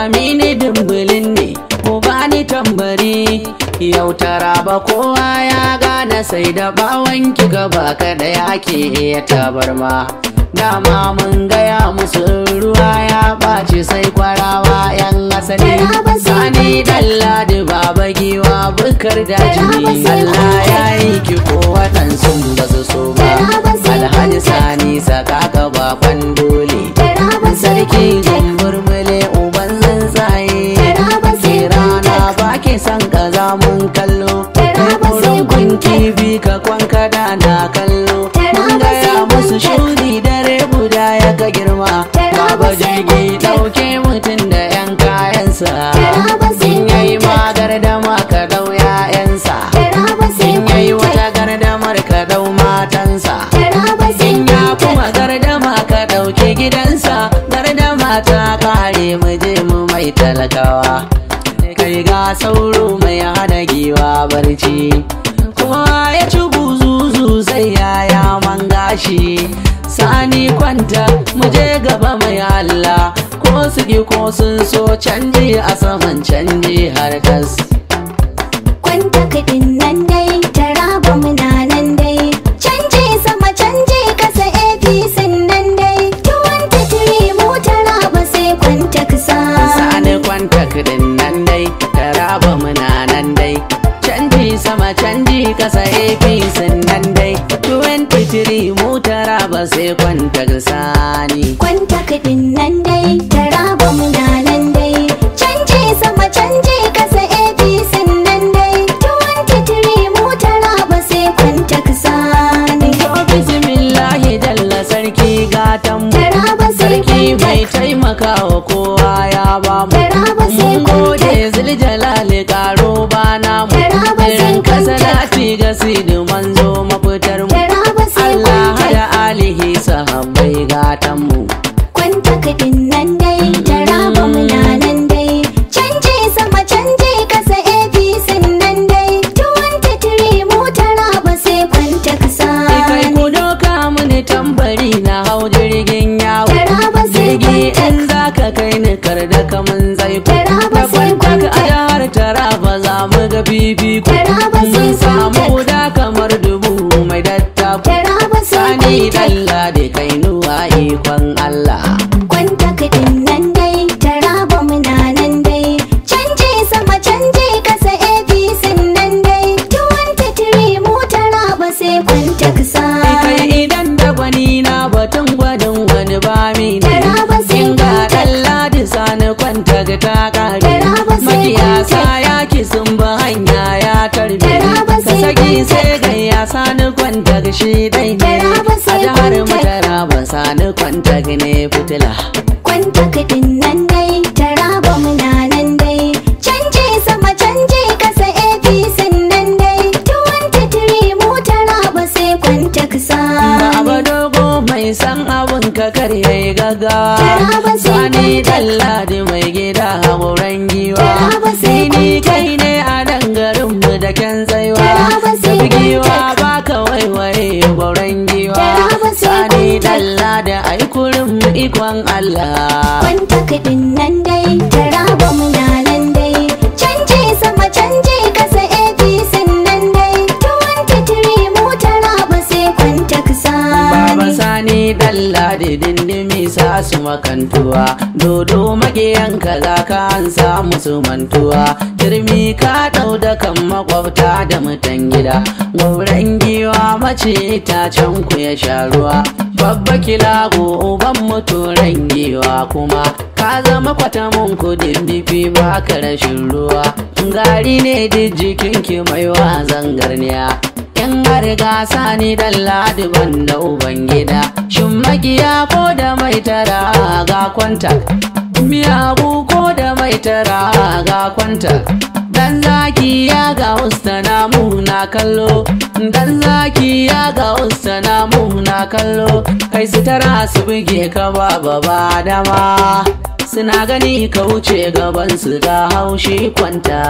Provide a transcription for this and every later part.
amini dumbulin ne ko bani tambari yau taraba kowa ya gane sai da bawan ki gaba kada ya iya tabarma dama mun gaya musu ruwa ya ɓaci sai kwarawa yan asali sani dalladi baba giwa bukar daji Allah ya yi ki ko waɗansu ba su so ba alhaji sani saka ka ba dole sarki talakawa kai ga sauro mai hana giwa barci kuma ya ci buzuzu sai yaya man gashi sani kwanta mu je gaba mai Allah ko su gi ko sun so canji a saman canji harkas kwanta kaɗin nan dai ka kai ni kar da mun zai ku tabbata ka a jihar taraba za mu ga bibi ku mun samu da kamar dubu mai datta ku sani dalla da nuwa ikon Allah ta kare makiyasa yaki sun ba hanya ya tarbe ka saki sai gayya sani kwanta shi dai ne a jihar ba sani kwanta ne fitila kwanta nan dai tara muna nan dai canje sama canje kasa apc nan dai tuwanta mu sai kwanta sa. ba dogo mai san abun ka talagawa sani dalladi mai gida hamuran giwa sini kai ne a nan garin mu da kyan tsaiwa tafi giwa ba ka waiwaye gwauran giwa sani dalladi aikurin mu ikon Allah dalla da dindimi sa su makantuwa dodo magiyanka za ka an samu su mantuwa jirmi ka dau da kan makwabta da mutan gida gauran giwa mace ta can ku ya sha ruwa babba kilago uban muturan giwa kuma ka zama mun ku dindifi ba ka rashin ruwa gari ne duk jikinki mai wa zangarniya ka riga sani dalladi banda ubangida shin makiya ko da mai tara ga kwanta miyagu ko da mai tara ga kwanta dan zaki ya ga ustana na kallo dan zaki ya ga ustana na kallo kai su tara su buge ka baba ba suna gani ka wuce gaban su ga haushi kwanta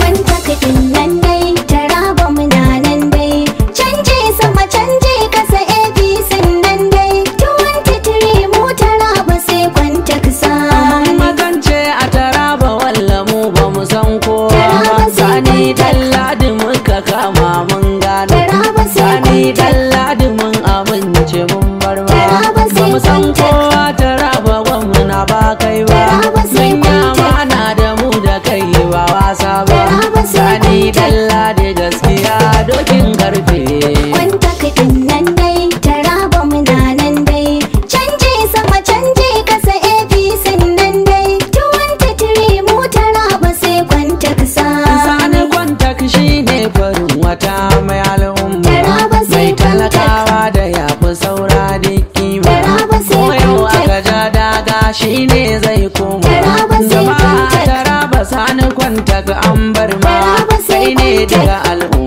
kwanta kafin nan dai tara ba mu nan sama canja ne zai koma gaba taraba sani kwanta ga an ma sai ne daga al'umma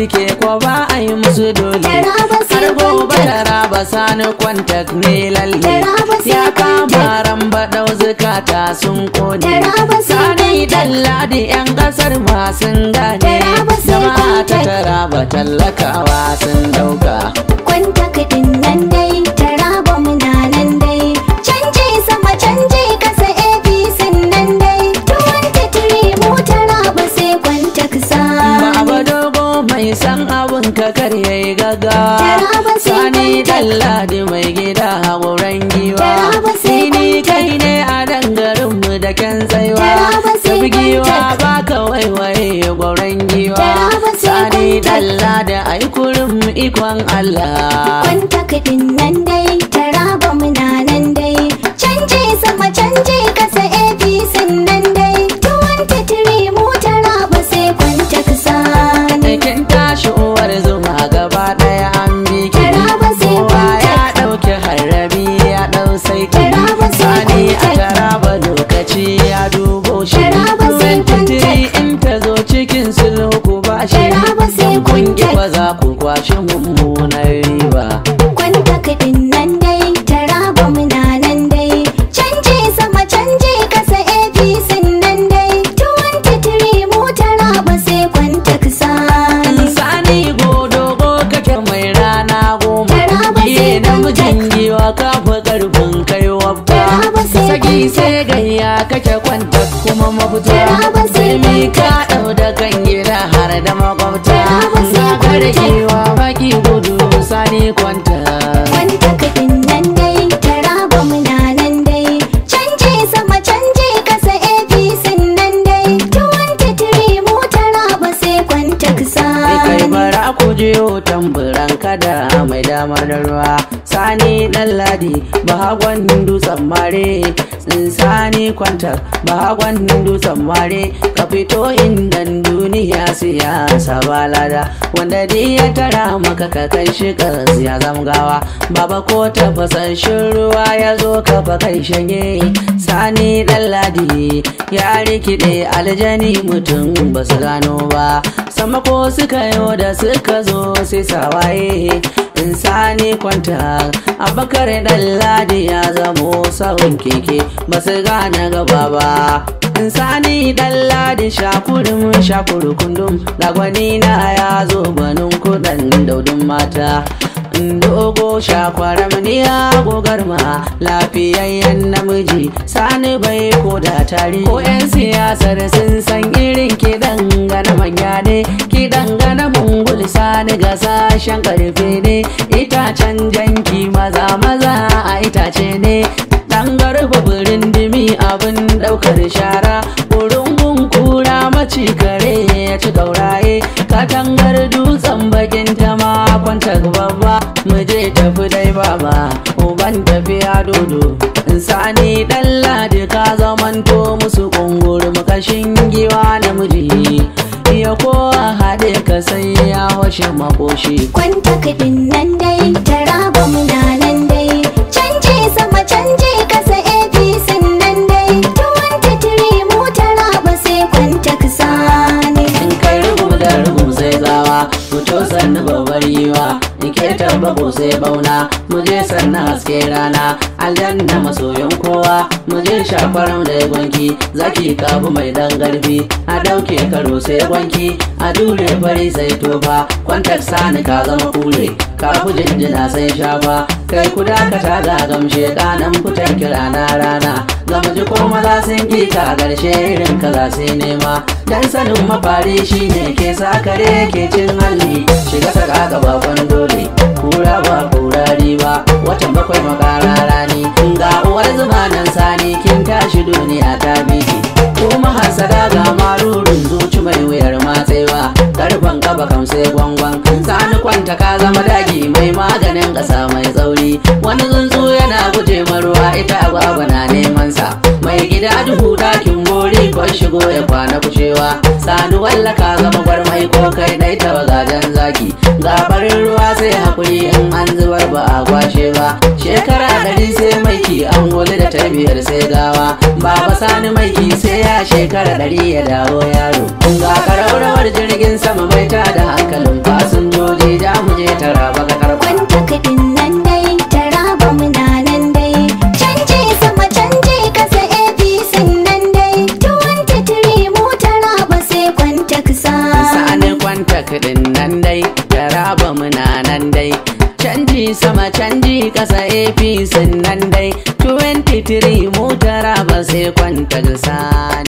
suke ko ba a yi musu dole har gobe da raba sani kwantak ne lalle ya kama ramba ɗau zukata sun kone sani dan ladi yan ƙasar ma sun gane jama'a ta tara ba tallakawa sun dauka kwantak din nan giwa tsari dalla da aikurin ikon Allah kwanta kaɗin nan dai taraba muna nan dai canje sama canje kasa abc nan dai tuwon titiri mu taraba sai kwanta kasa aikin tashi uwar zuma gaba ɗaya an bi taraba sai ya ɗauki harabi ya ɗau sai sani a taraba lokaci 像我们 rediyo tamburan kada mai damar ruwa sani ɗanladi hagwan dutsen mare sani ba hagwan dutsen mare fito indan duniya siyasa balada wanda dai ya tara maka ka kai shi ya zamgawa baba ko tafasashin ruwa ya zo ka fa kai shanye sani ɗanladi ya rikide aljani mutum ba su gano ba sama ko suka yo da suka zo sai sawaye insani sani kwanta a dan ladi ya zamo sahun keke ba su gane gaba ba insani sani dan ladi shakurin shakuru kundum lagwani na ya zo banin kudan daudun mata dogo shakwaramniya ni a ma lafiyayyen namiji sani bai ko da tari ko 'yan siyasar sun san irin kidan gana manya ne kidan gana mungul sani ga sashen karfe ne itacen janki maza maza a itace ne dan garba birin dimi abin daukar shara wurin kura maci kare ya ci gauraye katangar duk gudu sani dan ladi ka zamanto musu kungur makashin giwa namiji iya ko a haɗe ka sai ya washe makoshi kwanta kaɗin nan dai tara ba muna nan dai canje sama canje kasa abc nan dai tuwanta tiri mu tara ba sai kwanta ka sani in kai rubu da rubu sai zawa fito sannu babbar yiwa in ke tamba ko sai bauna haske rana aljanna masoyin kowa kin shafar da ya gwanki zaki kabu mai dan garbi a dauke karo sai gwanki a dure fari sai tofa kwantar sani ka zama kure kafu jinjina sai shafa kai kuda ka ta ga gamshe kanan fitar kira na rana zama ji koma maza sun yi ka garshe irin ka za sai nema dan sanin mafari shi ne ke sa kare ke cin halli shiga saka ga bakon dole kura ba kura riba watan bakwai makara rani ba sai gwangwan sani kwanta ka zama dagi mai maganin ƙasa mai tsauri wani tsuntsu yana guje maruwa ita agwagwa na neman sa mai gida duhu dakin bori ko shigo ya kwana kucewa sani walla ka zama gwarmai ko kai dai taba gajen zaki gabarin ruwa sai hakuri in an zubar ba a kwashe ba shekara gari sai maiki an wuli da tarbiyar sai gawa baba sani maiki sai ya shekara ɗari ya dawo yaro ga karawar jirgin sama mai da hankalin fasinjoji da mu je tara baka